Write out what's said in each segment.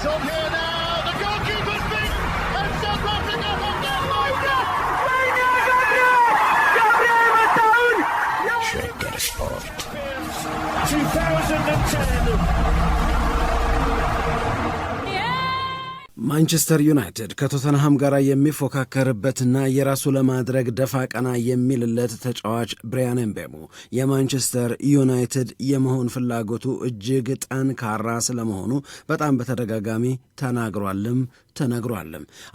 It's on here. ማንቸስተር ዩናይትድ ከቶተንሃም ጋር የሚፎካከርበትና የራሱ ለማድረግ ደፋ ቀና የሚልለት ተጫዋች ብሪያን ኤምቤሞ የማንቸስተር ዩናይትድ የመሆን ፍላጎቱ እጅግ ጠንካራ ስለመሆኑ በጣም በተደጋጋሚ ተናግሯልም ተነግሯል።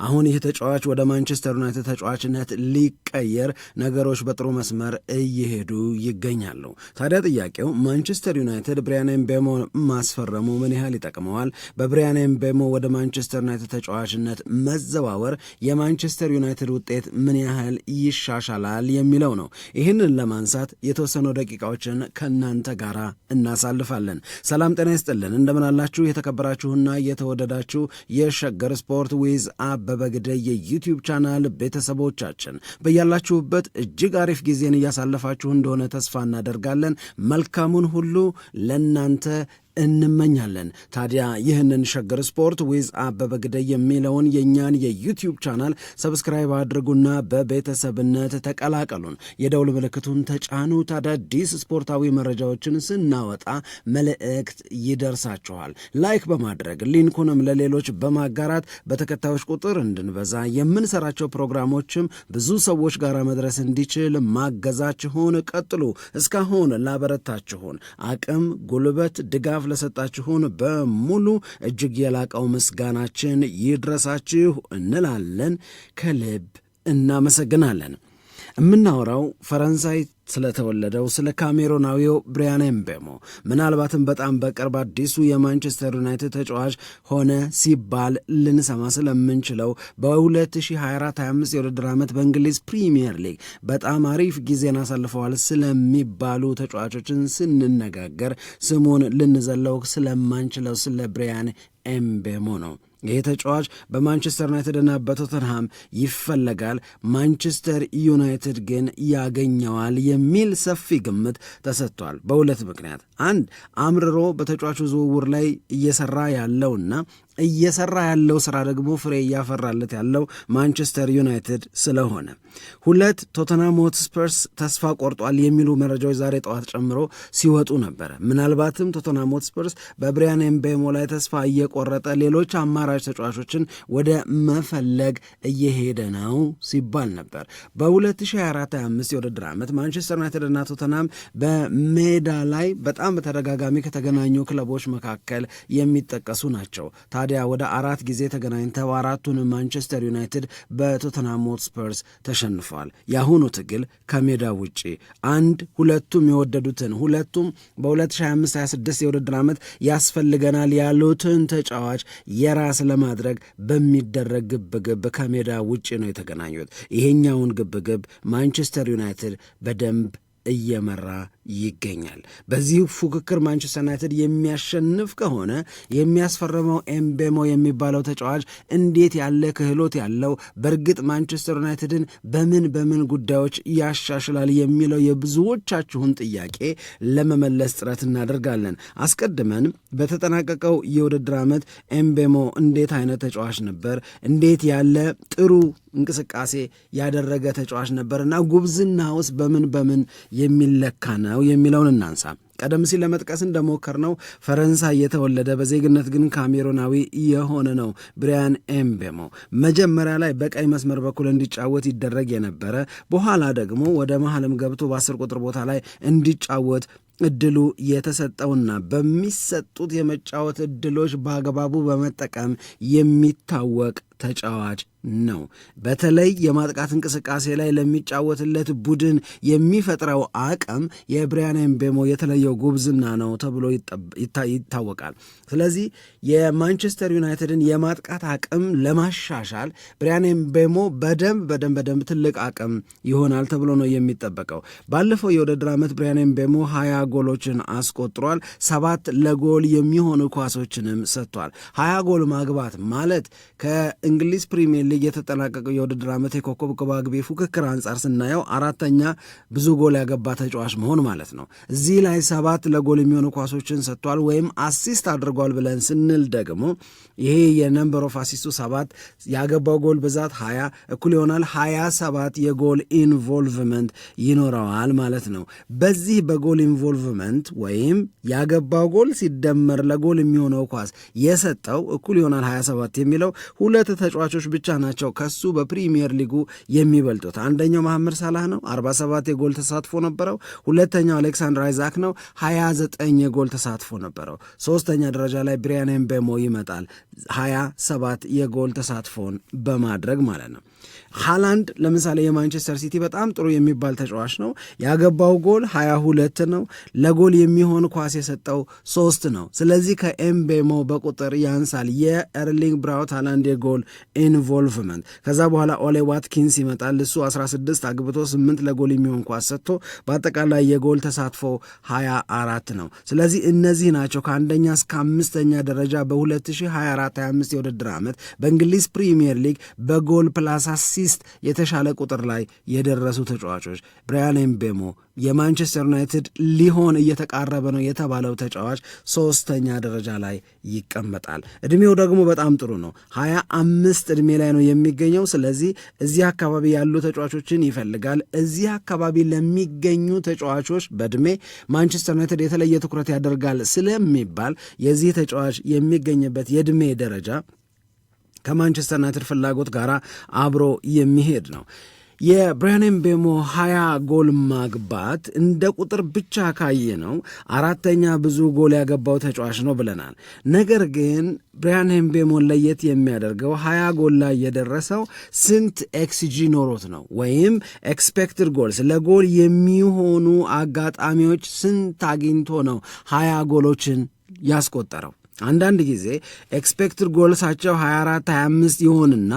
አሁን ይህ ተጫዋች ወደ ማንቸስተር ዩናይትድ ተጫዋችነት ሊቀየር ነገሮች በጥሩ መስመር እየሄዱ ይገኛሉ። ታዲያ ጥያቄው ማንቸስተር ዩናይትድ ብሪያን ቤሞ ማስፈረሙ ምን ያህል ይጠቅመዋል? በብሪያን ቤሞ ወደ ማንቸስተር ዩናይትድ ተጫዋችነት መዘዋወር የማንቸስተር ዩናይትድ ውጤት ምን ያህል ይሻሻላል የሚለው ነው። ይህንን ለማንሳት የተወሰኑ ደቂቃዎችን ከእናንተ ጋር እናሳልፋለን። ሰላም ጤና ይስጥልን፣ እንደምናላችሁ የተከበራችሁና የተወደዳችሁ የሸገር ስፖርት ስፖርት ዊዝ አበበ ግደይ የዩቲዩብ ቻናል ቤተሰቦቻችን በያላችሁበት እጅግ አሪፍ ጊዜን እያሳለፋችሁ እንደሆነ ተስፋ እናደርጋለን። መልካሙን ሁሉ ለእናንተ እንመኛለን። ታዲያ ይህንን ሸገር ስፖርት ዊዝ አበበ ግደይ የሚለውን የእኛን የዩቲዩብ ቻናል ሰብስክራይብ አድርጉና በቤተሰብነት ተቀላቀሉን። የደውል ምልክቱን ተጫኑ። አዳዲስ ስፖርታዊ መረጃዎችን ስናወጣ መልእክት ይደርሳችኋል። ላይክ በማድረግ ሊንኩንም ለሌሎች በማጋራት በተከታዮች ቁጥር እንድንበዛ የምንሰራቸው ፕሮግራሞችም ብዙ ሰዎች ጋር መድረስ እንዲችል ማገዛችሁን ቀጥሉ። እስካሁን ላበረታችሁን አቅም፣ ጉልበት፣ ድጋፍ ድጋፍ ለሰጣችሁን በሙሉ እጅግ የላቀው ምስጋናችን ይድረሳችሁ እንላለን። ከልብ እናመሰግናለን። የምናወራው ፈረንሳይ ስለተወለደው ስለ ካሜሮናዊው ብሪያን ኤምቤሞ ምናልባትም በጣም በቅርብ አዲሱ የማንቸስተር ዩናይትድ ተጫዋች ሆነ ሲባል ልንሰማ ስለምንችለው በ2024/25 የውድድር ዓመት በእንግሊዝ ፕሪምየር ሊግ በጣም አሪፍ ጊዜን አሳልፈዋል ስለሚባሉ ተጫዋቾችን ስንነጋገር ስሙን ልንዘለው ስለማንችለው ስለ ብሪያን ኤምቤሞ ነው። ይህ ተጫዋች በማንቸስተር ዩናይትድ እና በቶተንሃም ይፈለጋል፣ ማንቸስተር ዩናይትድ ግን ያገኘዋል የሚል ሰፊ ግምት ተሰጥቷል። በሁለት ምክንያት አንድ አምርሮ በተጫዋቹ ዝውውር ላይ እየሰራ ያለውና እየሰራ ያለው ስራ ደግሞ ፍሬ እያፈራለት ያለው ማንቸስተር ዩናይትድ ስለሆነ፣ ሁለት ቶተናም ሆትስፐርስ ተስፋ ቆርጧል የሚሉ መረጃዎች ዛሬ ጠዋት ጨምሮ ሲወጡ ነበረ። ምናልባትም ቶተናም ሆትስፐርስ በብሪያን ኤምቤሞ ላይ ተስፋ እየቆረጠ ሌሎች አማራጭ ተጫዋቾችን ወደ መፈለግ እየሄደ ነው ሲባል ነበር። በ2024/25 የውድድር ዓመት ማንቸስተር ዩናይትድ እና ቶተናም በሜዳ ላይ በጣም በተደጋጋሚ ከተገናኙ ክለቦች መካከል የሚጠቀሱ ናቸው። ታዲያ ወደ አራት ጊዜ ተገናኝተው አራቱን ማንቸስተር ዩናይትድ በቶተንሃም ሆትስፐርስ ተሸንፏል። የአሁኑ ትግል ከሜዳ ውጪ አንድ ሁለቱም የወደዱትን ሁለቱም በ2025/26 የውድድር ዓመት ያስፈልገናል ያሉትን ተጫዋች የራስ ለማድረግ በሚደረግ ግብግብ ከሜዳ ውጪ ነው የተገናኙት። ይሄኛውን ግብግብ ማንቸስተር ዩናይትድ በደንብ እየመራ ይገኛል። በዚህ ፉክክር ማንቸስተር ዩናይትድ የሚያሸንፍ ከሆነ የሚያስፈርመው ኤምቤሞ የሚባለው ተጫዋች እንዴት ያለ ክህሎት ያለው በእርግጥ ማንቸስተር ዩናይትድን በምን በምን ጉዳዮች ያሻሽላል የሚለው የብዙዎቻችሁን ጥያቄ ለመመለስ ጥረት እናደርጋለን። አስቀድመን በተጠናቀቀው የውድድር ዓመት ኤምቤሞ እንዴት አይነት ተጫዋች ነበር? እንዴት ያለ ጥሩ እንቅስቃሴ ያደረገ ተጫዋች እና ጉብዝና ውስጥ በምን በምን የሚለካ ነው ነው የሚለውን እናንሳ። ቀደም ሲል ለመጥቀስ እንደሞከርነው ፈረንሳይ የተወለደ በዜግነት ግን ካሜሮናዊ የሆነ ነው ብሪያን ኤምቤሞ። መጀመሪያ ላይ በቀይ መስመር በኩል እንዲጫወት ይደረግ የነበረ በኋላ ደግሞ ወደ መሀልም ገብቶ በአስር ቁጥር ቦታ ላይ እንዲጫወት እድሉ የተሰጠውና በሚሰጡት የመጫወት እድሎች በአግባቡ በመጠቀም የሚታወቅ ተጫዋች ነው። በተለይ የማጥቃት እንቅስቃሴ ላይ ለሚጫወትለት ቡድን የሚፈጥረው አቅም የብሪያን ኤምቤሞ የተለየው ጉብዝና ነው ተብሎ ይታወቃል። ስለዚህ የማንቸስተር ዩናይትድን የማጥቃት አቅም ለማሻሻል ብሪያን ኤምቤሞ በደንብ በደንብ በደንብ ትልቅ አቅም ይሆናል ተብሎ ነው የሚጠበቀው። ባለፈው የውድድር ዓመት ብሪያን ኤምቤሞ ሀያ ጎሎችን አስቆጥሯል። ሰባት ለጎል የሚሆኑ ኳሶችንም ሰጥቷል። ሀያ ጎል ማግባት ማለት ከ እንግሊዝ ፕሪሚየር ሊግ የተጠናቀቀው የውድድር ዓመት የኮከብ ግብ አግቢ ፉክክር አንጻር ስናየው አራተኛ ብዙ ጎል ያገባ ተጫዋች መሆን ማለት ነው። እዚህ ላይ ሰባት ለጎል የሚሆኑ ኳሶችን ሰጥቷል ወይም አሲስት አድርጓል ብለን ስንል ደግሞ ይሄ የነምበር ኦፍ አሲስቱ ሰባት ያገባው ጎል ብዛት ሀያ እኩል ይሆናል ሀያ ሰባት የጎል ኢንቮልቭመንት ይኖረዋል ማለት ነው። በዚህ በጎል ኢንቮልቭመንት ወይም ያገባው ጎል ሲደመር ለጎል የሚሆነው ኳስ የሰጠው እኩል ይሆናል 27 የሚለው ሁለት ተጫዋቾች ብቻ ናቸው ከሱ በፕሪሚየር ሊጉ የሚበልጡት። አንደኛው መሐመድ ሳላህ ነው፣ 47 የጎል ተሳትፎ ነበረው። ሁለተኛው አሌክሳንድር አይዛክ ነው፣ 29 የጎል ተሳትፎ ነበረው። ሶስተኛ ደረጃ ላይ ብሪያን ኤምቤሞ ይመጣል፣ 27 የጎል ተሳትፎን በማድረግ ማለት ነው። ሃላንድ ለምሳሌ የማንቸስተር ሲቲ በጣም ጥሩ የሚባል ተጫዋች ነው። ያገባው ጎል ሀያ ሁለት ነው። ለጎል የሚሆን ኳስ የሰጠው ሶስት ነው። ስለዚህ ከኤምቤሞ በቁጥር ያንሳል የኤርሊንግ ብራውት ሃላንድ የጎል ኢንቮልቭመንት። ከዛ በኋላ ኦሌ ዋትኪንስ ይመጣል። እሱ 16 አግብቶ 8 ለጎል የሚሆን ኳስ ሰጥቶ በአጠቃላይ የጎል ተሳትፎ 24 ነው። ስለዚህ እነዚህ ናቸው ከአንደኛ እስከ አምስተኛ ደረጃ በ2024/25 የውድድር ዓመት በእንግሊዝ ፕሪሚየር ሊግ በጎል ፕላስ አሲ አሲስት የተሻለ ቁጥር ላይ የደረሱ ተጫዋቾች ብራያን ኤምቤሞ የማንቸስተር ዩናይትድ ሊሆን እየተቃረበ ነው የተባለው ተጫዋች ሶስተኛ ደረጃ ላይ ይቀመጣል። እድሜው ደግሞ በጣም ጥሩ ነው። ሀያ አምስት እድሜ ላይ ነው የሚገኘው። ስለዚህ እዚህ አካባቢ ያሉ ተጫዋቾችን ይፈልጋል። እዚህ አካባቢ ለሚገኙ ተጫዋቾች በእድሜ ማንቸስተር ዩናይትድ የተለየ ትኩረት ያደርጋል ስለሚባል የዚህ ተጫዋች የሚገኝበት የእድሜ ደረጃ ከማንቸስተር ዩናይትድ ፍላጎት ጋር አብሮ የሚሄድ ነው። የብሪያን ምቤሞ ሀያ ጎል ማግባት እንደ ቁጥር ብቻ ካየ ነው አራተኛ ብዙ ጎል ያገባው ተጫዋች ነው ብለናል። ነገር ግን ብሪያን ምቤሞን ለየት የሚያደርገው ሀያ ጎል ላይ የደረሰው ስንት ኤክስጂ ኖሮት ነው ወይም ኤክስፔክትድ ጎልስ ለጎል የሚሆኑ አጋጣሚዎች ስንት አግኝቶ ነው ሀያ ጎሎችን ያስቆጠረው? አንዳንድ ጊዜ ኤክስፔክትድ ጎልሳቸው 24 25 ይሆንና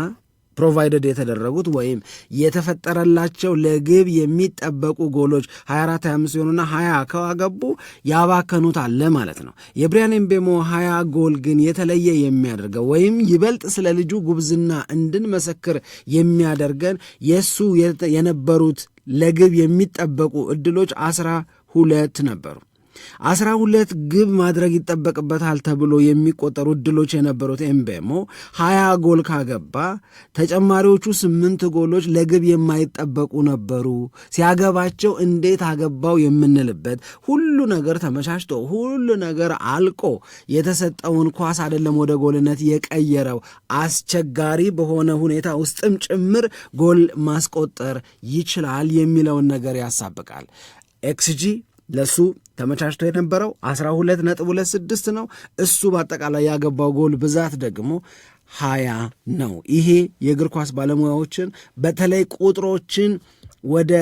ፕሮቫይደድ የተደረጉት ወይም የተፈጠረላቸው ለግብ የሚጠበቁ ጎሎች 24 25 የሆኑና 20 ከዋገቡ ያባከኑት አለ ማለት ነው። የብሪያን ኤምቤሞ 20 ጎል ግን የተለየ የሚያደርገው ወይም ይበልጥ ስለ ልጁ ጉብዝና እንድንመሰክር የሚያደርገን የእሱ የነበሩት ለግብ የሚጠበቁ እድሎች አስራ ሁለት ነበሩ። አስራ ሁለት ግብ ማድረግ ይጠበቅበታል ተብሎ የሚቆጠሩ እድሎች የነበሩት ኤምቤሞ ሀያ ጎል ካገባ ተጨማሪዎቹ ስምንት ጎሎች ለግብ የማይጠበቁ ነበሩ። ሲያገባቸው እንዴት አገባው የምንልበት ሁሉ ነገር ተመቻችቶ ሁሉ ነገር አልቆ የተሰጠውን ኳስ አይደለም ወደ ጎልነት የቀየረው አስቸጋሪ በሆነ ሁኔታ ውስጥም ጭምር ጎል ማስቆጠር ይችላል የሚለውን ነገር ያሳብቃል። ኤክስጂ ለሱ ተመቻችቶ የነበረው 12.26 ነው። እሱ በአጠቃላይ ያገባው ጎል ብዛት ደግሞ ሀያ ነው። ይሄ የእግር ኳስ ባለሙያዎችን በተለይ ቁጥሮችን ወደ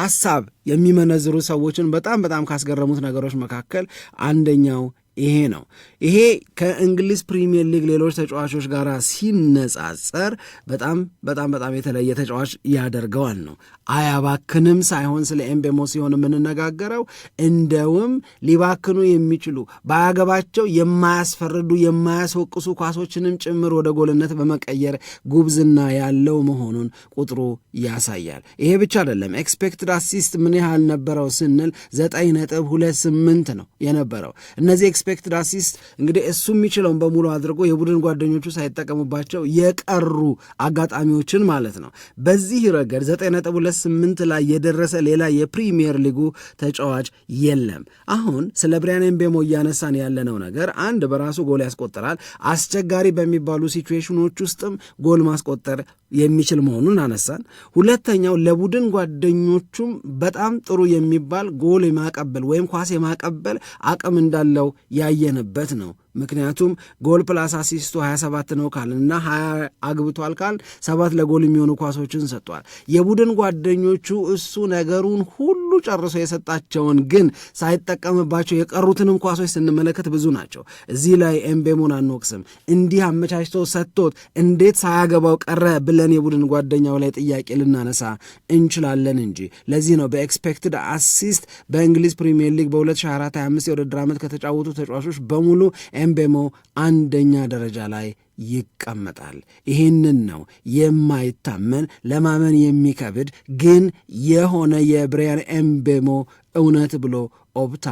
ሀሳብ የሚመነዝሩ ሰዎችን በጣም በጣም ካስገረሙት ነገሮች መካከል አንደኛው ይሄ ነው። ይሄ ከእንግሊዝ ፕሪሚየር ሊግ ሌሎች ተጫዋቾች ጋር ሲነጻጸር በጣም በጣም በጣም የተለየ ተጫዋች ያደርገዋል ነው። አያባክንም ሳይሆን ስለ ኤምቤሞ ሲሆን የምንነጋገረው እንደውም ሊባክኑ የሚችሉ ባያገባቸው የማያስፈርዱ የማያስወቅሱ ኳሶችንም ጭምር ወደ ጎልነት በመቀየር ጉብዝና ያለው መሆኑን ቁጥሩ ያሳያል። ይሄ ብቻ አይደለም። ኤክስፔክትድ አሲስት ምን ያህል ነበረው ስንል ዘጠኝ ነጥብ ሁለት ስምንት ነው የነበረው እነዚህ ኤክስፔክትድ አሲስት እንግዲህ እሱ የሚችለውን በሙሉ አድርጎ የቡድን ጓደኞቹ ሳይጠቀሙባቸው የቀሩ አጋጣሚዎችን ማለት ነው። በዚህ ረገድ 9.28 ላይ የደረሰ ሌላ የፕሪሚየር ሊጉ ተጫዋች የለም። አሁን ስለ ብሪያን ኤምቤሞ እያነሳን ያለነው ነገር አንድ በራሱ ጎል ያስቆጥራል። አስቸጋሪ በሚባሉ ሲቹዌሽኖች ውስጥም ጎል ማስቆጠር የሚችል መሆኑን አነሳን። ሁለተኛው ለቡድን ጓደኞቹም በጣም ጥሩ የሚባል ጎል የማቀበል ወይም ኳስ የማቀበል አቅም እንዳለው ያየንበት ነው። ምክንያቱም ጎል ፕላስ አሲስቱ 27 ነው ካልን እና 20 አግብቷል ካል ሰባት ለጎል የሚሆኑ ኳሶችን ሰጥቷል። የቡድን ጓደኞቹ እሱ ነገሩን ሁሉ ጨርሶ የሰጣቸውን ግን ሳይጠቀምባቸው የቀሩትንም ኳሶች ስንመለከት ብዙ ናቸው። እዚህ ላይ ኤምቤሞን አንወቅስም። እንዲህ አመቻችቶ ሰጥቶት እንዴት ሳያገባው ቀረ ብለን የቡድን ጓደኛው ላይ ጥያቄ ልናነሳ እንችላለን እንጂ ለዚህ ነው በኤክስፔክትድ አሲስት በእንግሊዝ ፕሪሚየር ሊግ በ2024/25 የውድድር ዓመት ከተጫወቱ ተጫዋቾች በሙሉ ኤምቤሞ አንደኛ ደረጃ ላይ ይቀመጣል። ይህንን ነው የማይታመን ለማመን የሚከብድ ግን የሆነ የብሪያን ኤምቤሞ እውነት ብሎ ኦፕታ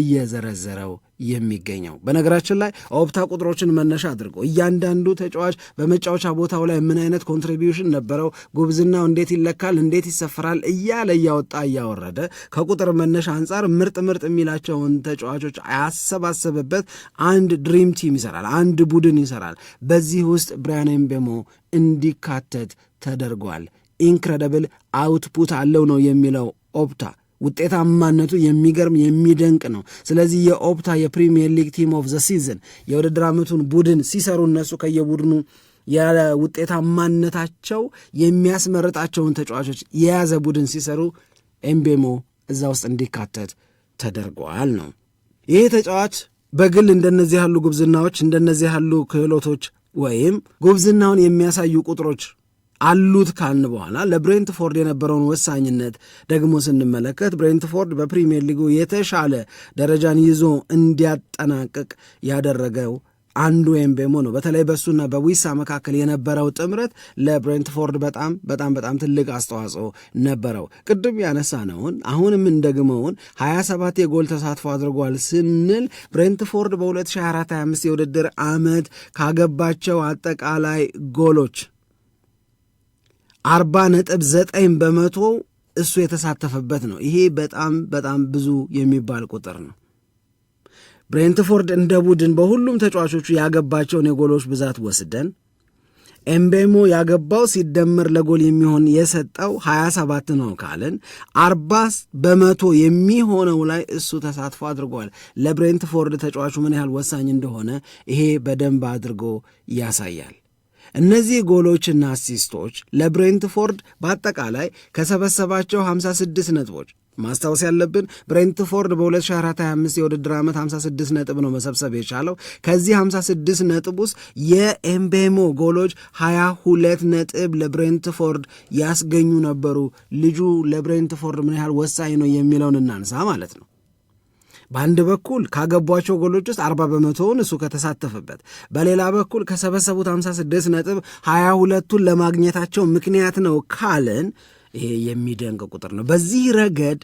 እየዘረዘረው የሚገኘው በነገራችን ላይ ኦፕታ ቁጥሮችን መነሻ አድርጎ እያንዳንዱ ተጫዋች በመጫወቻ ቦታው ላይ ምን አይነት ኮንትሪቢዩሽን ነበረው፣ ጉብዝናው እንዴት ይለካል፣ እንዴት ይሰፈራል እያለ እያወጣ እያወረደ ከቁጥር መነሻ አንጻር ምርጥ ምርጥ የሚላቸውን ተጫዋቾች ያሰባሰበበት አንድ ድሪም ቲም ይሰራል፣ አንድ ቡድን ይሰራል። በዚህ ውስጥ ብሪያን ምቤሞ እንዲካተት ተደርጓል። ኢንክሬደብል አውትፑት አለው ነው የሚለው ኦፕታ ውጤታማነቱ የሚገርም የሚደንቅ ነው። ስለዚህ የኦፕታ የፕሪሚየር ሊግ ቲም ኦፍ ዘ ሲዝን የውድድር ዓመቱን ቡድን ሲሰሩ እነሱ ከየቡድኑ የውጤታማነታቸው የሚያስመርጣቸውን ተጫዋቾች የያዘ ቡድን ሲሰሩ ኤምቤሞ እዛ ውስጥ እንዲካተት ተደርጓል ነው። ይህ ተጫዋች በግል እንደነዚህ ያሉ ጉብዝናዎች እንደነዚህ ያሉ ክህሎቶች ወይም ጉብዝናውን የሚያሳዩ ቁጥሮች አሉት ካልን በኋላ ለብሬንትፎርድ የነበረውን ወሳኝነት ደግሞ ስንመለከት ብሬንትፎርድ በፕሪምየር ሊጉ የተሻለ ደረጃን ይዞ እንዲያጠናቅቅ ያደረገው አንዱ ኤምቤሞ ነው። በተለይ በእሱና በዊሳ መካከል የነበረው ጥምረት ለብሬንትፎርድ በጣም በጣም በጣም ትልቅ አስተዋጽኦ ነበረው። ቅድም ያነሳነውን አሁንም እንደግመውን 27 የጎል ተሳትፎ አድርጓል ስንል ብሬንትፎርድ በ2024/25 የውድድር ዓመት ካገባቸው አጠቃላይ ጎሎች አርባ ነጥብ ዘጠኝ በመቶ እሱ የተሳተፈበት ነው። ይሄ በጣም በጣም ብዙ የሚባል ቁጥር ነው። ብሬንትፎርድ እንደ ቡድን በሁሉም ተጫዋቾቹ ያገባቸውን የጎሎች ብዛት ወስደን ኤምቤሞ ያገባው ሲደመር ለጎል የሚሆን የሰጠው 27 ነው ካልን አርባ በመቶ የሚሆነው ላይ እሱ ተሳትፎ አድርጓል። ለብሬንትፎርድ ተጫዋቹ ምን ያህል ወሳኝ እንደሆነ ይሄ በደንብ አድርጎ ያሳያል። እነዚህ ጎሎችና አሲስቶች ለብሬንትፎርድ በአጠቃላይ ከሰበሰባቸው 56 ነጥቦች ማስታወስ ያለብን ብሬንትፎርድ በ2024/25 የውድድር ዓመት 56 ነጥብ ነው መሰብሰብ የቻለው። ከዚህ 56 ነጥብ ውስጥ የኤምቤሞ ጎሎች 22 ነጥብ ለብሬንትፎርድ ያስገኙ ነበሩ። ልጁ ለብሬንትፎርድ ምን ያህል ወሳኝ ነው የሚለውን እናንሳ ማለት ነው። በአንድ በኩል ካገቧቸው ጎሎች ውስጥ አርባ በመቶውን እሱ ከተሳተፈበት፣ በሌላ በኩል ከሰበሰቡት 56 ነጥብ ሀያ ሁለቱን ለማግኘታቸው ምክንያት ነው ካልን ይሄ የሚደንቅ ቁጥር ነው። በዚህ ረገድ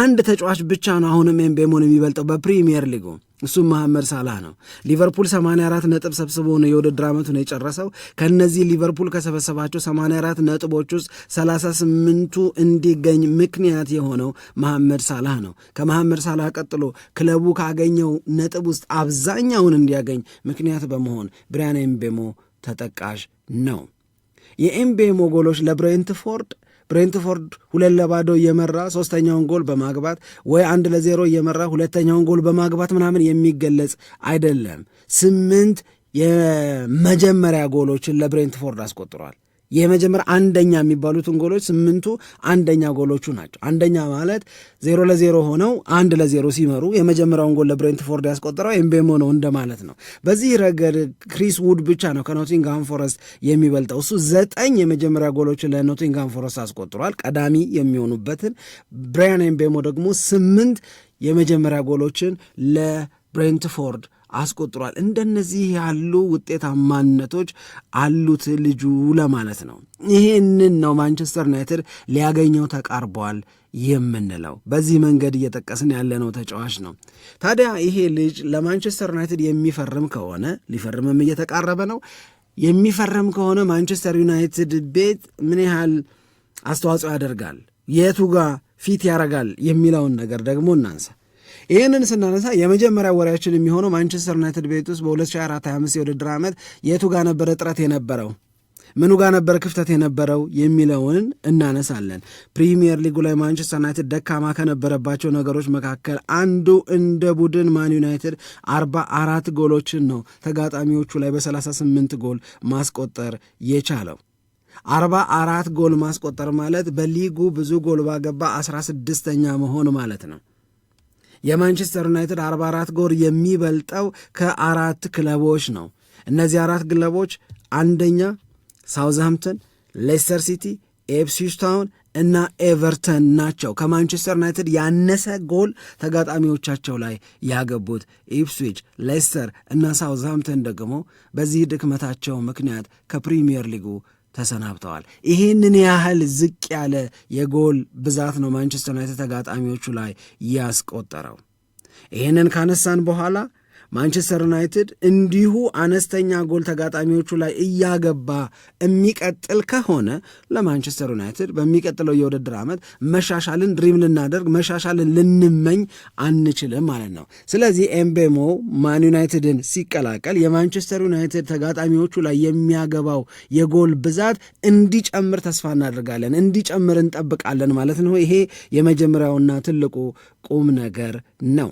አንድ ተጫዋች ብቻ ነው አሁንም ኤምቤሞን የሚበልጠው በፕሪሚየር ሊጉ እሱ መሐመድ ሳላህ ነው። ሊቨርፑል 84 ነጥብ ሰብስቦ ነው የውድድር ነው የጨረሰው። ከእነዚህ ሊቨርፑል ከሰበሰባቸው 84 ነጥቦች ውስጥ 38ቱ እንዲገኝ ምክንያት የሆነው መሐመድ ሳላህ ነው። ከመሐመድ ሳላህ ቀጥሎ ክለቡ ካገኘው ነጥብ ውስጥ አብዛኛውን እንዲያገኝ ምክንያት በመሆን ብሪያን ኤምቤሞ ተጠቃሽ ነው። የኤምቤሞ ጎሎች ለብሬንትፎርድ ብሬንትፎርድ ሁለት ለባዶ እየመራ ሶስተኛውን ጎል በማግባት ወይ አንድ ለዜሮ እየመራ ሁለተኛውን ጎል በማግባት ምናምን የሚገለጽ አይደለም። ስምንት የመጀመሪያ ጎሎችን ለብሬንትፎርድ አስቆጥሯል። የመጀመሪያ አንደኛ የሚባሉትን ጎሎች ስምንቱ አንደኛ ጎሎቹ ናቸው። አንደኛ ማለት ዜሮ ለዜሮ ሆነው አንድ ለዜሮ ሲመሩ የመጀመሪያውን ጎል ለብሬንትፎርድ ያስቆጠረው ኤምቤሞ ነው እንደማለት ነው። በዚህ ረገድ ክሪስ ውድ ብቻ ነው ከኖቲንግሃም ፎረስት የሚበልጠው። እሱ ዘጠኝ የመጀመሪያ ጎሎችን ለኖቲንግሃም ፎረስት አስቆጥሯል፣ ቀዳሚ የሚሆኑበትን። ብራያን ኤምቤሞ ደግሞ ስምንት የመጀመሪያ ጎሎችን ለብሬንትፎርድ አስቆጥሯል። እንደነዚህ ያሉ ውጤታማነቶች አሉት ልጁ ለማለት ነው። ይህንን ነው ማንቸስተር ዩናይትድ ሊያገኘው ተቃርቧል የምንለው በዚህ መንገድ እየጠቀስን ያለነው ተጫዋች ነው። ታዲያ ይሄ ልጅ ለማንቸስተር ዩናይትድ የሚፈርም ከሆነ ሊፈርምም እየተቃረበ ነው። የሚፈርም ከሆነ ማንቸስተር ዩናይትድ ቤት ምን ያህል አስተዋጽኦ ያደርጋል፣ የቱ ጋር ፊት ያደርጋል የሚለውን ነገር ደግሞ እናንሳ። ይህንን ስናነሳ የመጀመሪያ ወሬያችን የሚሆነው ማንቸስተር ዩናይትድ ቤት ውስጥ በ2024/25 የውድድር ዓመት የቱ ጋር ነበረ ጥረት የነበረው ምኑ ጋር ነበር ክፍተት የነበረው የሚለውን እናነሳለን። ፕሪሚየር ሊጉ ላይ ማንቸስተር ዩናይትድ ደካማ ከነበረባቸው ነገሮች መካከል አንዱ እንደ ቡድን ማን ዩናይትድ 44 ጎሎችን ነው ተጋጣሚዎቹ ላይ በ38 ጎል ማስቆጠር የቻለው። 44 ጎል ማስቆጠር ማለት በሊጉ ብዙ ጎል ባገባ 16ኛ መሆን ማለት ነው። የማንቸስተር ዩናይትድ 44 ጎል የሚበልጠው ከአራት ክለቦች ነው። እነዚህ አራት ክለቦች አንደኛ ሳውዝሃምፕተን፣ ሌስተር ሲቲ፣ ኤፕስዊች ታውን እና ኤቨርተን ናቸው። ከማንቸስተር ዩናይትድ ያነሰ ጎል ተጋጣሚዎቻቸው ላይ ያገቡት ኢፕስዊች፣ ሌስተር እና ሳውዝሃምፕተን ደግሞ በዚህ ድክመታቸው ምክንያት ከፕሪሚየር ሊጉ ተሰናብተዋል። ይህንን ያህል ዝቅ ያለ የጎል ብዛት ነው ማንቸስተር ዩናይትድ ተጋጣሚዎቹ ላይ ያስቆጠረው። ይህንን ካነሳን በኋላ ማንቸስተር ዩናይትድ እንዲሁ አነስተኛ ጎል ተጋጣሚዎቹ ላይ እያገባ የሚቀጥል ከሆነ ለማንቸስተር ዩናይትድ በሚቀጥለው የውድድር ዓመት መሻሻልን ድሪም ልናደርግ መሻሻልን ልንመኝ አንችልም ማለት ነው። ስለዚህ ኤምቤሞ ማን ዩናይትድን ሲቀላቀል የማንቸስተር ዩናይትድ ተጋጣሚዎቹ ላይ የሚያገባው የጎል ብዛት እንዲጨምር ተስፋ እናደርጋለን፣ እንዲጨምር እንጠብቃለን ማለት ነው። ይሄ የመጀመሪያውና ትልቁ ቁም ነገር ነው።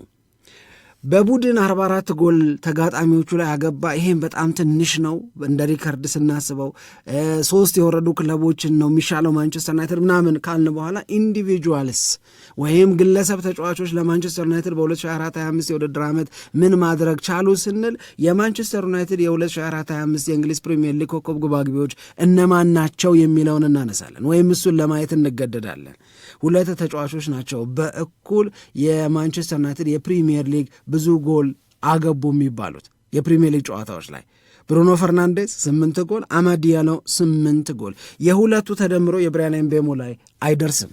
በቡድን 44 ጎል ተጋጣሚዎቹ ላይ አገባ። ይሄም በጣም ትንሽ ነው እንደ ሪከርድ ስናስበው። ሶስት የወረዱ ክለቦችን ነው የሚሻለው ማንቸስተር ዩናይትድ ምናምን ካልን በኋላ ኢንዲቪጁዋልስ ወይም ግለሰብ ተጫዋቾች ለማንቸስተር ዩናይትድ በ2024/25 የውድድር ዓመት ምን ማድረግ ቻሉ ስንል የማንቸስተር ዩናይትድ የ2024/25 የእንግሊዝ ፕሪምየር ሊግ ኮከብ ግባግቢዎች እነማን ናቸው የሚለውን እናነሳለን ወይም እሱን ለማየት እንገደዳለን። ሁለት ተጫዋቾች ናቸው በእኩል የማንቸስተር ዩናይትድ የፕሪሚየር ሊግ ብዙ ጎል አገቡ የሚባሉት የፕሪሚየር ሊግ ጨዋታዎች ላይ ብሩኖ ፈርናንዴስ ስምንት ጎል፣ አማድ ስምንት ጎል። የሁለቱ ተደምሮ የብሪያን ኤምቤሞ ላይ አይደርስም።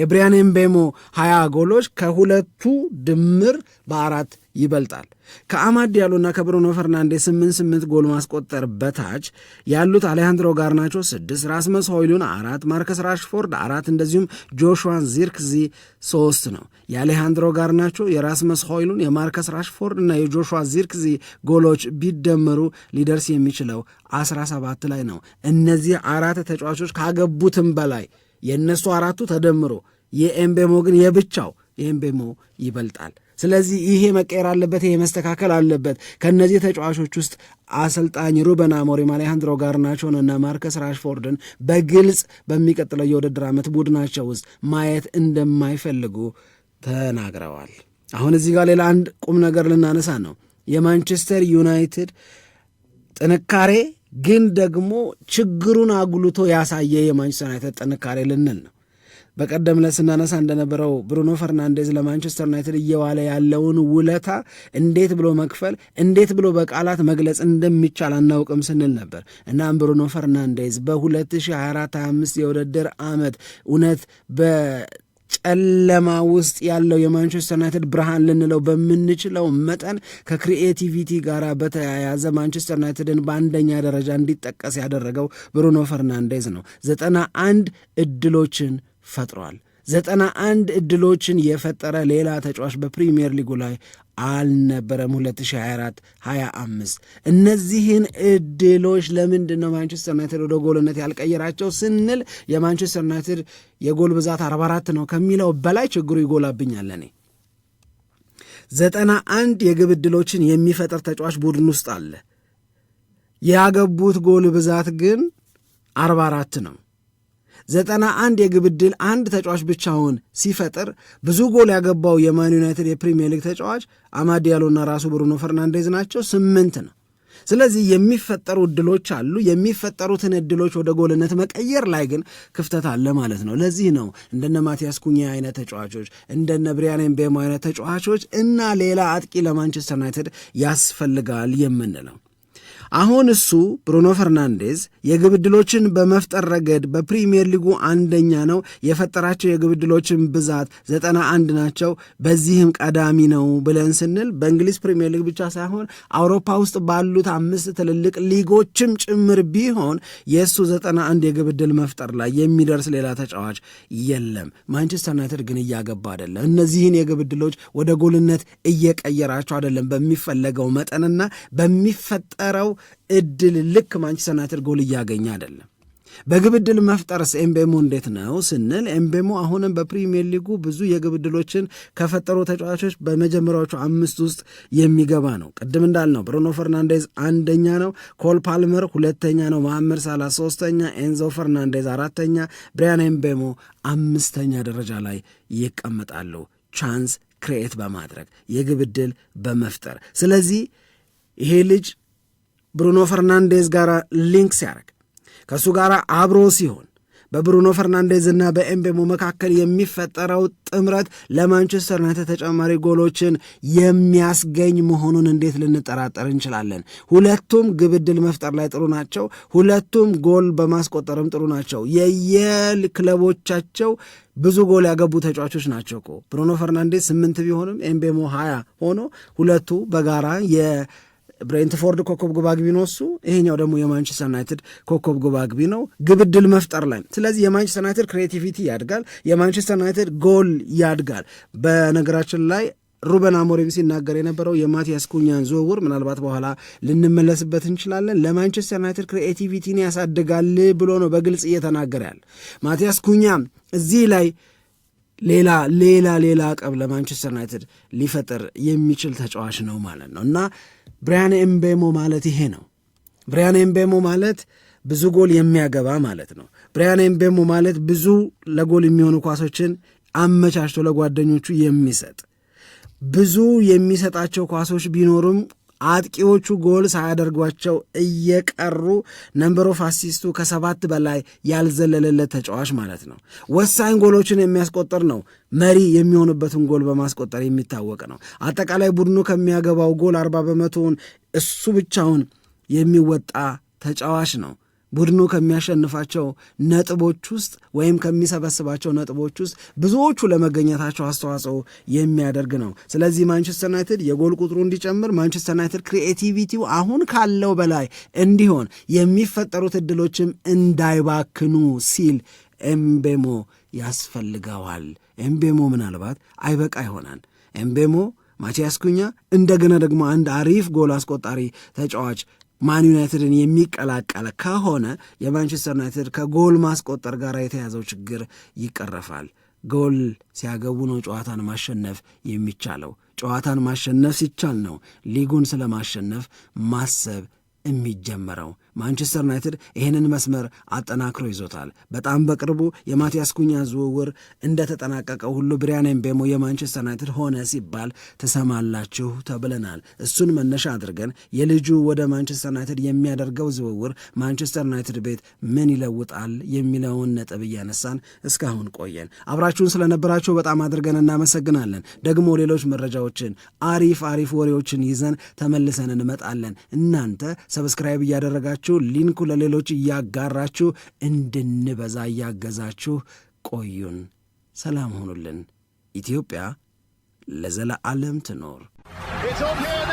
የብሪያን ኤምቤሞ ሀያ ጎሎች ከሁለቱ ድምር በአራት ይበልጣል። ከአማድ ያሉና ከብሩኖ ፈርናንዴስ 88 ጎል ማስቆጠር በታች ያሉት አሌሃንድሮ ጋርናቾ 6፣ ራስመስ ሆይሉን 4፣ ማርከስ ራሽፎርድ አራት እንደዚሁም ጆሹዋን ዚርክዚ 3 ነው። የአሌሃንድሮ ጋርናቾ የራስመስ ሆይሉን የማርከስ ራሽፎርድ እና የጆሹዋ ዚርክዚ ጎሎች ቢደመሩ ሊደርስ የሚችለው 17 ላይ ነው። እነዚህ አራት ተጫዋቾች ካገቡትም በላይ የእነሱ አራቱ ተደምሮ የኤምቤሞ ግን የብቻው የኤምቤሞ ይበልጣል። ስለዚህ ይሄ መቀየር አለበት፣ ይሄ መስተካከል አለበት። ከእነዚህ ተጫዋቾች ውስጥ አሰልጣኝ ሩበን አሞሪም አሌሃንድሮ ጋርናቾን እና ማርከስ ራሽፎርድን በግልጽ በሚቀጥለው የውድድር ዓመት ቡድናቸው ውስጥ ማየት እንደማይፈልጉ ተናግረዋል። አሁን እዚህ ጋር ሌላ አንድ ቁም ነገር ልናነሳ ነው። የማንቸስተር ዩናይትድ ጥንካሬ ግን ደግሞ ችግሩን አጉልቶ ያሳየ የማንቸስተር ዩናይትድ ጥንካሬ ልንል ነው። በቀደም ዕለት ስናነሳ እንደነበረው ብሩኖ ፈርናንዴዝ ለማንቸስተር ዩናይትድ እየዋለ ያለውን ውለታ እንዴት ብሎ መክፈል እንዴት ብሎ በቃላት መግለጽ እንደሚቻል አናውቅም ስንል ነበር። እናም ብሩኖ ፈርናንዴዝ በ2024/25 የውድድር ዓመት እውነት በጨለማ ውስጥ ያለው የማንቸስተር ዩናይትድ ብርሃን ልንለው በምንችለው መጠን ከክሪኤቲቪቲ ጋር በተያያዘ ማንቸስተር ዩናይትድን በአንደኛ ደረጃ እንዲጠቀስ ያደረገው ብሩኖ ፈርናንዴዝ ነው። ዘጠና አንድ እድሎችን ፈጥሯል። ዘጠና አንድ እድሎችን የፈጠረ ሌላ ተጫዋች በፕሪምየር ሊጉ ላይ አልነበረም። 2024 25 እነዚህን እድሎች ለምንድን ነው ማንቸስተር ዩናይትድ ወደ ጎልነት ያልቀየራቸው ስንል የማንቸስተር ዩናይትድ የጎል ብዛት 44 ነው ከሚለው በላይ ችግሩ ይጎላብኛል። እኔ ዘጠና አንድ የግብ እድሎችን የሚፈጥር ተጫዋች ቡድን ውስጥ አለ። ያገቡት ጎል ብዛት ግን 44 ነው። ዘጠና አንድ የግብ ዕድል አንድ ተጫዋች ብቻውን ሲፈጥር ብዙ ጎል ያገባው የማን ዩናይትድ የፕሪሚየር ሊግ ተጫዋች አማድ ያሎና ራሱ ብሩኖ ፈርናንዴዝ ናቸው። ስምንት ነው። ስለዚህ የሚፈጠሩ እድሎች አሉ። የሚፈጠሩትን እድሎች ወደ ጎልነት መቀየር ላይ ግን ክፍተት አለ ማለት ነው። ለዚህ ነው እንደነ ማቲያስ ኩኛ አይነት ተጫዋቾች እንደነ ብሪያን ምቤሞ አይነት ተጫዋቾች እና ሌላ አጥቂ ለማንቸስተር ዩናይትድ ያስፈልጋል የምንለው። አሁን እሱ ብሩኖ ፈርናንዴዝ የግብ ዕድሎችን በመፍጠር ረገድ በፕሪሚየር ሊጉ አንደኛ ነው። የፈጠራቸው የግብ ዕድሎችን ብዛት ዘጠና አንድ ናቸው። በዚህም ቀዳሚ ነው ብለን ስንል በእንግሊዝ ፕሪምየር ሊግ ብቻ ሳይሆን አውሮፓ ውስጥ ባሉት አምስት ትልልቅ ሊጎችም ጭምር ቢሆን የእሱ ዘጠና አንድ የግብ ዕድል መፍጠር ላይ የሚደርስ ሌላ ተጫዋች የለም። ማንቸስተር ዩናይትድ ግን እያገባ አይደለም። እነዚህን የግብ ዕድሎች ወደ ጎልነት እየቀየራቸው አይደለም በሚፈለገው መጠንና በሚፈጠረው እድል ልክ ማንቸስተር ዩናይትድ ጎል እያገኘ አይደለም። በግብ ድል መፍጠርስ ኤምቤሞ እንዴት ነው ስንል ኤምቤሞ አሁንም በፕሪሚየር ሊጉ ብዙ የግብ ድሎችን ከፈጠሩ ተጫዋቾች በመጀመሪያዎቹ አምስት ውስጥ የሚገባ ነው። ቅድም እንዳልነው ብሩኖ ፈርናንዴዝ አንደኛ ነው፣ ኮል ፓልመር ሁለተኛ ነው፣ መሐመድ ሳላ ሶስተኛ፣ ኤንዞ ፈርናንዴዝ አራተኛ፣ ብሪያን ኤምቤሞ አምስተኛ ደረጃ ላይ ይቀመጣሉ። ቻንስ ክሬኤት በማድረግ የግብ ድል በመፍጠር ስለዚህ ይሄ ልጅ ብሩኖ ፈርናንዴዝ ጋር ሊንክ ሲያደርግ ከእሱ ጋር አብሮ ሲሆን በብሩኖ ፈርናንዴዝ እና በኤምቤሞ መካከል የሚፈጠረው ጥምረት ለማንቸስተር ዩናይትድ ተጨማሪ ጎሎችን የሚያስገኝ መሆኑን እንዴት ልንጠራጠር እንችላለን? ሁለቱም ግብ ዕድል መፍጠር ላይ ጥሩ ናቸው። ሁለቱም ጎል በማስቆጠርም ጥሩ ናቸው። የየክለቦቻቸው ብዙ ጎል ያገቡ ተጫዋቾች ናቸው እኮ ብሩኖ ፈርናንዴዝ ስምንት ቢሆንም ኤምቤሞ ሀያ ሆኖ ሁለቱ በጋራ ብሬንትፎርድ ኮከብ ግብ አግቢ ነው እሱ። ይሄኛው ደግሞ የማንቸስተር ዩናይትድ ኮከብ ግብ አግቢ ነው፣ ግብ መፍጠር ላይ። ስለዚህ የማንቸስተር ዩናይትድ ክሬቲቪቲ ያድጋል፣ የማንቸስተር ዩናይትድ ጎል ያድጋል። በነገራችን ላይ ሩበን አሞሪም ሲናገር የነበረው የማቲያስ ኩኛን ዝውውር ምናልባት በኋላ ልንመለስበት እንችላለን፣ ለማንቸስተር ዩናይትድ ክሬቲቪቲን ያሳድጋል ብሎ ነው በግልጽ እየተናገረ ያለ ማቲያስ ኩኛ እዚህ ላይ ሌላ ሌላ ሌላ አቀብ ለማንቸስተር ዩናይትድ ሊፈጥር የሚችል ተጫዋች ነው ማለት ነው እና ብሪያን ኤምቤሞ ማለት ይሄ ነው። ብሪያን ኤምቤሞ ማለት ብዙ ጎል የሚያገባ ማለት ነው። ብሪያን ኤምቤሞ ማለት ብዙ ለጎል የሚሆኑ ኳሶችን አመቻችቶ ለጓደኞቹ የሚሰጥ ብዙ የሚሰጣቸው ኳሶች ቢኖሩም አጥቂዎቹ ጎል ሳያደርጓቸው እየቀሩ ነምበር ኦፍ አሲስቱ ከሰባት በላይ ያልዘለለለት ተጫዋች ማለት ነው። ወሳኝ ጎሎችን የሚያስቆጠር ነው። መሪ የሚሆንበትን ጎል በማስቆጠር የሚታወቅ ነው። አጠቃላይ ቡድኑ ከሚያገባው ጎል አርባ በመቶውን እሱ ብቻውን የሚወጣ ተጫዋች ነው። ቡድኑ ከሚያሸንፋቸው ነጥቦች ውስጥ ወይም ከሚሰበስባቸው ነጥቦች ውስጥ ብዙዎቹ ለመገኘታቸው አስተዋጽኦ የሚያደርግ ነው። ስለዚህ ማንቸስተር ዩናይትድ የጎል ቁጥሩ እንዲጨምር፣ ማንቸስተር ዩናይትድ ክሪኤቲቪቲው አሁን ካለው በላይ እንዲሆን፣ የሚፈጠሩት እድሎችም እንዳይባክኑ ሲል ኤምቤሞ ያስፈልገዋል። ኤምቤሞ ምናልባት አይበቃ ይሆናል። ኤምቤሞ ማቲያስ ኩኛ እንደገና ደግሞ አንድ አሪፍ ጎል አስቆጣሪ ተጫዋች ማን ዩናይትድን የሚቀላቀል ከሆነ የማንቸስተር ዩናይትድ ከጎል ማስቆጠር ጋር የተያዘው ችግር ይቀረፋል። ጎል ሲያገቡ ነው ጨዋታን ማሸነፍ የሚቻለው። ጨዋታን ማሸነፍ ሲቻል ነው ሊጉን ስለማሸነፍ ማሰብ የሚጀመረው። ማንቸስተር ዩናይትድ ይህንን መስመር አጠናክሮ ይዞታል። በጣም በቅርቡ የማቲያስ ኩኛ ዝውውር እንደተጠናቀቀ ሁሉ ብሪያን ምቤሞ የማንቸስተር ዩናይትድ ሆነ ሲባል ትሰማላችሁ ተብለናል። እሱን መነሻ አድርገን የልጁ ወደ ማንቸስተር ዩናይትድ የሚያደርገው ዝውውር ማንቸስተር ዩናይትድ ቤት ምን ይለውጣል የሚለውን ነጥብ እያነሳን እስካሁን ቆየን። አብራችሁን ስለነበራችሁ በጣም አድርገን እናመሰግናለን። ደግሞ ሌሎች መረጃዎችን አሪፍ አሪፍ ወሬዎችን ይዘን ተመልሰን እንመጣለን። እናንተ ሰብስክራይብ እያደረጋችሁ እየሰራችሁ ሊንኩ ለሌሎች እያጋራችሁ እንድንበዛ እያገዛችሁ ቆዩን። ሰላም ሁኑልን። ኢትዮጵያ ለዘለዓለም ትኖር።